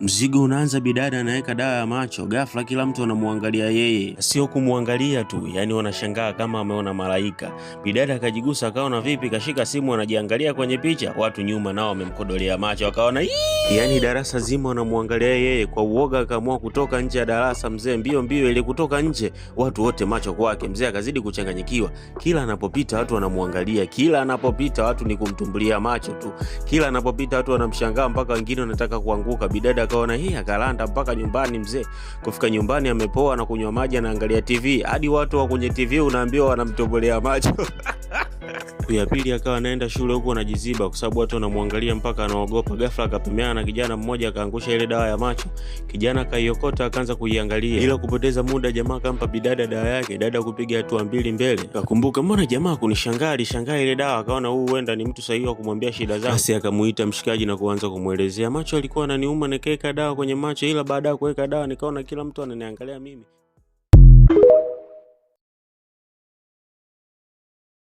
Mzigo unaanza, bidada anaweka dawa ya macho. Ghafla kila mtu anamwangalia yeye, sio kumwangalia tu, yani wanashangaa kama ameona malaika. Bidada akajigusa akaona vipi, kashika simu anajiangalia kwenye picha. Watu nyuma nao wamemkodolea macho, akaona yani darasa zima wanamwangalia yeye. Kwa uoga akaamua kutoka nje ya darasa. Mzee mbio mbio ili kutoka nje, watu wote macho kwake. Mzee akazidi kuchanganyikiwa, kila anapopita watu wanamwangalia, kila anapopita watu ni kumtumbulia macho tu, kila anapopita watu wanamshangaa mpaka wengine wanataka kuanguka. Bidada akaona hii, akalanda mpaka nyumbani mzee. Kufika nyumbani amepoa na kunywa maji, anaangalia TV hadi watu wa kwenye TV unaambiwa wanamtobolea macho siku ya pili akawa anaenda shule huku anajiziba, kwa sababu watu wanamwangalia mpaka anaogopa. Ghafla akapemeana na kijana mmoja, akaangusha ile dawa ya macho. Kijana akaiokota, akaanza kuiangalia bila kupoteza muda. Jamaa akampa bidada dawa yake, dada kupiga hatua mbili mbele. Akakumbuka mbona jamaa kunishangaa, alishangaa ile dawa, akaona huu huenda ni mtu sahihi wa kumwambia shida zake. Basi akamuita mshikaji na kuanza kumwelezea, macho alikuwa ananiuma, nikaweka dawa kwenye macho, ila baada ya kuweka dawa nikaona kila mtu ananiangalia mimi.